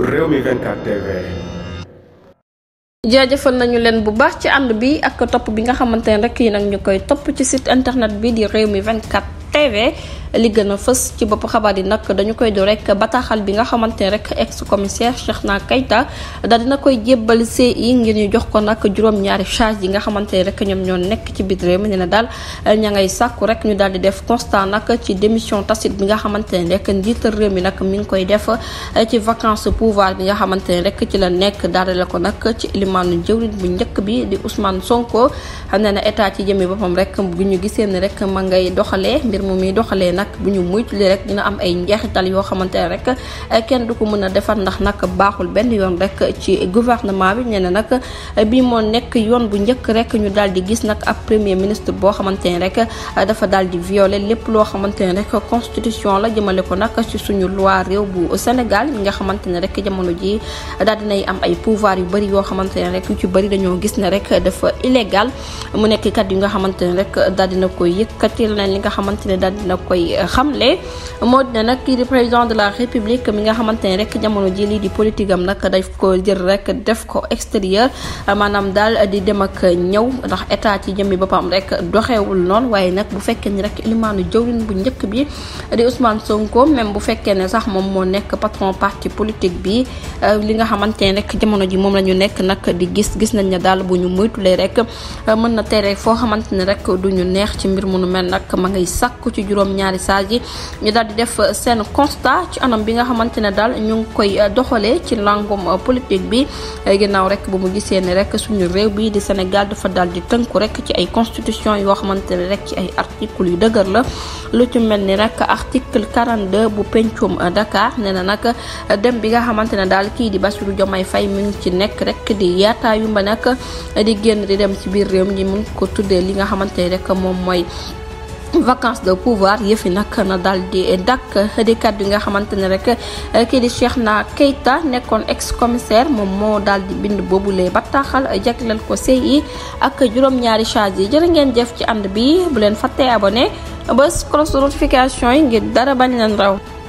Rewmi 24 nañu leen bu baax ci ànd bi ak topp bi nga xamante ne rek yi nag ñu koy topp ci site internet bi di réew mi vingt 24 TV. li gën fës ci bopp xabaar yi nag dañu koy do rek bataaxal bi nga xamante ne rek ex commissaire Cheikhna Keita daal dina koy jébbal CI ngir ñu jox ko nag juróom-ñaari charge yi nga xamante ne rek ñoom ñoo nekk ci biir réew mi nee na daal ña ngay sàkku rek ñu daal di def constat nag ci démission tacite bi nga xamante ne rek njiital réew mi nag mi ngi koy def ci vacance pouvoir bi nga xamante ne rek ci la nekk daadale ko nag ci limaanu jëwrit bu njëkk bi di Ousmane Sonko xam ne na état ci jëmmi boppam rek bu ñu gisee ni rek ma ngay doxalee mbir mu muy doxalee nag bu ñu muytuli rek dina am ay njeexital yoo xamante ne rek eh, kenn du ko mën a defar ndax nag baaxul benn yoon rek ci gouvernement bi nee na nag eh, bii moo nekk yoon bu njëkk rek ñu daal di gis nag ab premier ministre boo xamante ne rek eh, dafa daal di violer lépp loo xamante ne rek constitution la jëmale ko nag ci suñu loi réew bu Sénégal mi nga xamante ne rek jamono ji daal dinay am ay pouvoir yu bëri yoo xamante ne rek yu ci bëri dañoo gis ne rek dafa illégal mu nekk kat yu nga xamante ne rek daal dina koy yëkkati leneen li nga xamante ne daal koy xamle moo dina nag kii di président de la république mi nga xamante ne rek jamono ji lii di politique am nag daf ko jël rek def ko extérieur maanaam daal di dem ak ñëw ndax état ci jëmmi boppam rek doxewul noonu waaye nag bu fekkee ni rek ilimaanu jëwrin bu njëkk bi di Ousmane Sonko même bu fekkee ne sax moom moo nekk patron parti politique bi euh, li nga xamante ne rek jamono ji moom la ñu nekk nag di gis gis nañ ne daal bu ñu moytulee rek mën na tere foo rek du ñu neex ci mbir message yi ñu daal di def euh, seen constat ci anam bi nga xamante ne daal ñu ngi koy euh, doxalee ci langum euh, politique bi ginnaaw rek bu mu gisee ni rek suñu réew bi di Sénégal dafa daal di tënku rek ci ay constitution yoo xamante ne rek ci ay article yu dëgër la lu ci mel ni rek article 42 bu pencum Dakar nee na nag dem bi nga xamante ne daal kii di Bassirou Diomaye Faye mi ngi ci nekk rek di yaataayu mba nag di génn di dem ci biir réew mi mun ko tuddee li nga xamante ne rek moom mooy vacance de pouvoir yëf yi nag na daal di dàkk di yi nga xamante ne rek eh, kii di Cheikhna Keita nekkoon ex commissaire moom moo daal di bind boobu lee bataaxal leen ko CI ak juróom-ñaari charge yi jërë ngeen jëf ci ànd bi bu leen fàttee abonné bés cloche notification yi ngir dara bañ leen raw.